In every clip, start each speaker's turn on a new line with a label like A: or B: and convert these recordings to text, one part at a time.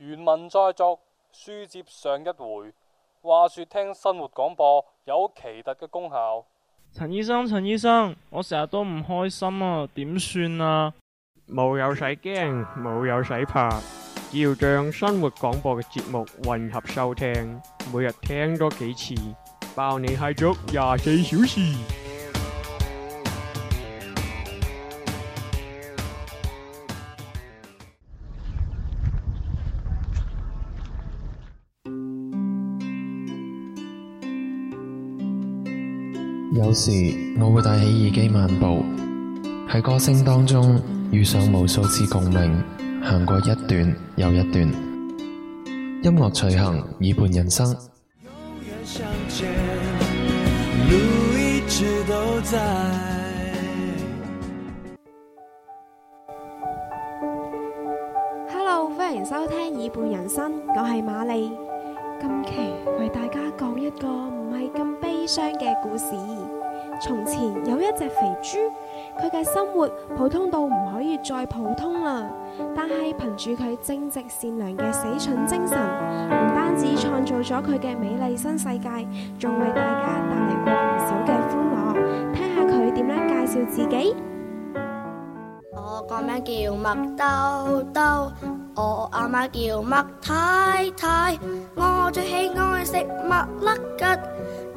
A: 原文再續，書接上一回。話說聽生活廣播有奇特嘅功效。陳醫生，陳醫生，我成日都唔開心啊，點算啊？冇有使驚，冇有使怕，只要將生活廣播嘅節目混合收聽，每日聽多
B: 幾次，包你嗨足廿四小時。有時我會戴起耳機漫步，喺歌聲當中遇上無數次共鳴，行過一段又一段。音樂隨行，耳畔人生。
A: Hello，歡
B: 迎收聽《耳畔人生》，我係 Marie，今期為大家講一個唔係咁。傷嘅故事。從前有一隻肥豬，佢嘅生活普通到唔可以再普通啦。但係憑住佢正直善良嘅死蠢精神，唔單止創造咗佢嘅美麗新世界，仲為大家帶嚟過唔少嘅歡樂。聽下佢點樣介紹自
C: 己？我個名叫麥兜兜，我阿媽，媽叫麥太太，我最喜愛食麥甩雞。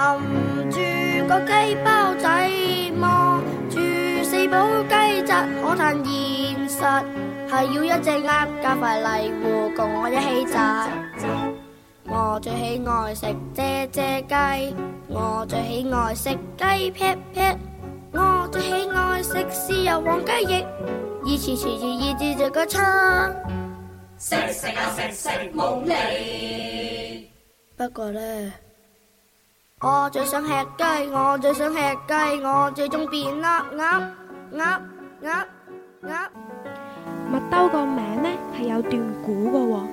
C: 含住個雞包仔，望住四寶雞扎，可嘆現實係要一隻鴨加塊泥糊，共我一起炸。我最喜愛食啫啫雞，我最喜愛食雞撇撇，我最喜愛食豉油黃雞翼，以前遲遲意住食個餐，食食啊食食冇利。不過呢。我最想吃雞，我最想吃雞，我最終變鴨、鴨、鴨、鴨、鴨。
B: 麥兜個名呢係有段古嘅，哦，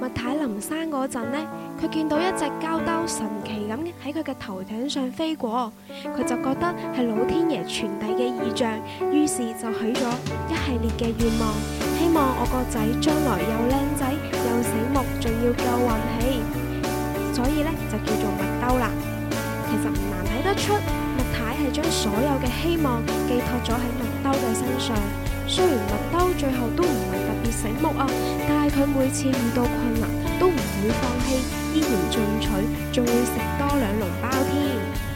B: 麥太林生嗰陣呢，佢見到一隻膠兜神奇咁喺佢嘅頭頂上飛過，佢就覺得係老天爺傳遞嘅意象，於是就許咗一系列嘅願望，希望我個仔將來又靚仔又醒目，仲要夠運氣，所以呢，就叫做麥兜啦。其實唔難睇得出，麥太係將所有嘅希望寄託咗喺麥兜嘅身上。雖然麥兜最後都唔係特別醒目啊，但係佢每次遇到困難都唔會放棄，依然進取，仲要食多兩籠包添。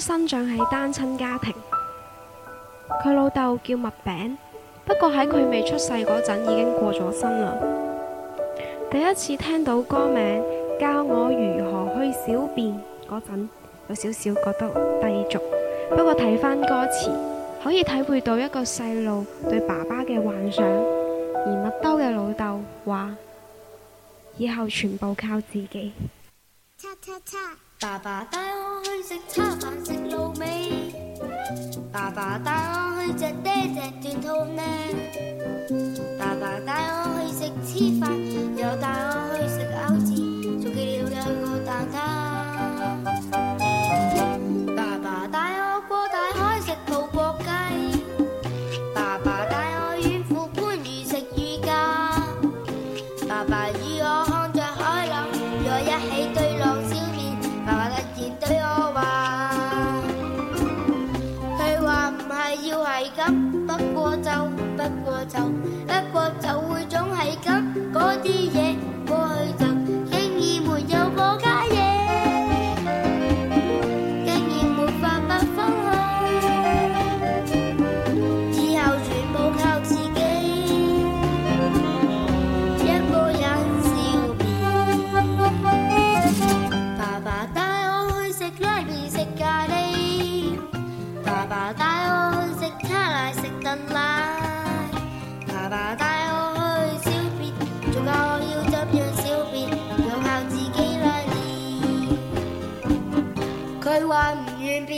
B: 生長喺單親家庭，佢老豆叫麥餅，不過喺佢未出世嗰陣已經過咗身啦。第一次聽到歌名《教我如何去小便》嗰陣，有少少覺得低俗，不過睇返歌詞，可以體會到一個細路對爸爸嘅幻想。而麥兜嘅老豆話：以後全部靠自己。
C: 爸爸叉叉去食叉飯食滷味，爸爸帶我去食，爹只斷頭呢，爸爸帶我去食黐飯。不過就不過就。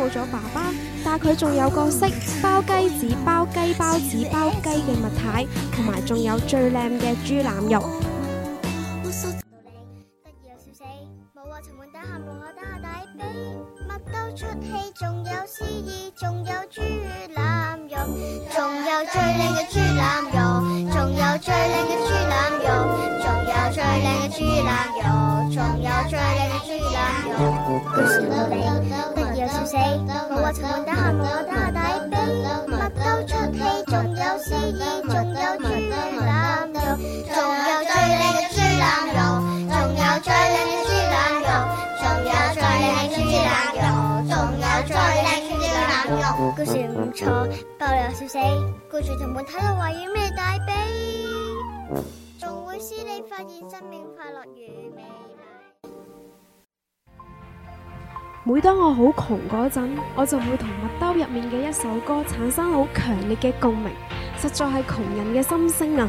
B: 冇咗爸爸，但佢仲有個色包雞子包雞包子包雞嘅物體，同埋仲有最靚嘅豬腩肉。
C: 故事唔理，得意又笑死。我話同伴得下，我得下底杯，密都出戲，仲有詩意，仲有甜得蜜肉，仲有最靚嘅豬腩肉，仲有最靚嘅豬腩肉，仲有最靚嘅豬腩肉，仲有最靚嘅豬腩肉。故事唔錯，得意又笑死。故事同伴睇到話要咩底杯，仲會使你發現生命快樂與美。
B: 每當我好窮嗰陣，我就會同麥兜入面嘅一首歌產生好強烈嘅共鳴，實在係窮人嘅心聲啊！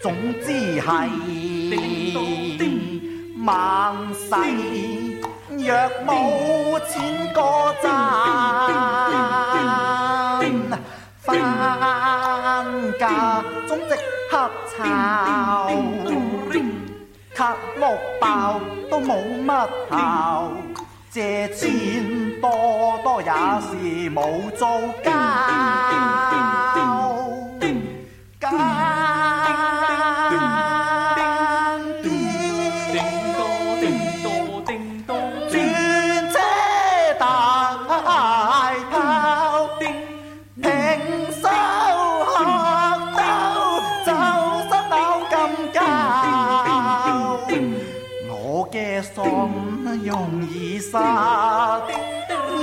A: 總之係，萬世若冇錢過賺，
C: 瞓
A: 覺總即刻炒，卡碌爆都冇乜效，借錢多多也是冇租。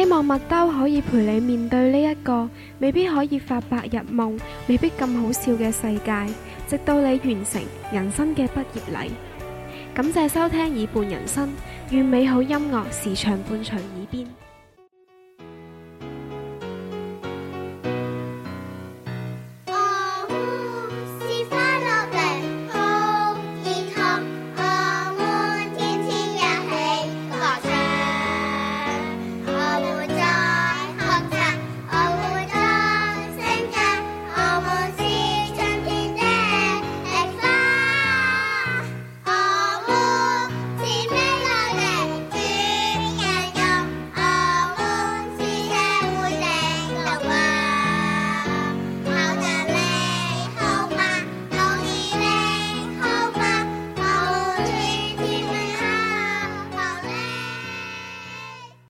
B: 希望麥兜可以陪你面對呢、這、一個未必可以發白日夢、未必咁好笑嘅世界，直到你完成人生嘅畢業禮。感謝收聽耳畔人生，願美好音樂時常伴隨耳邊。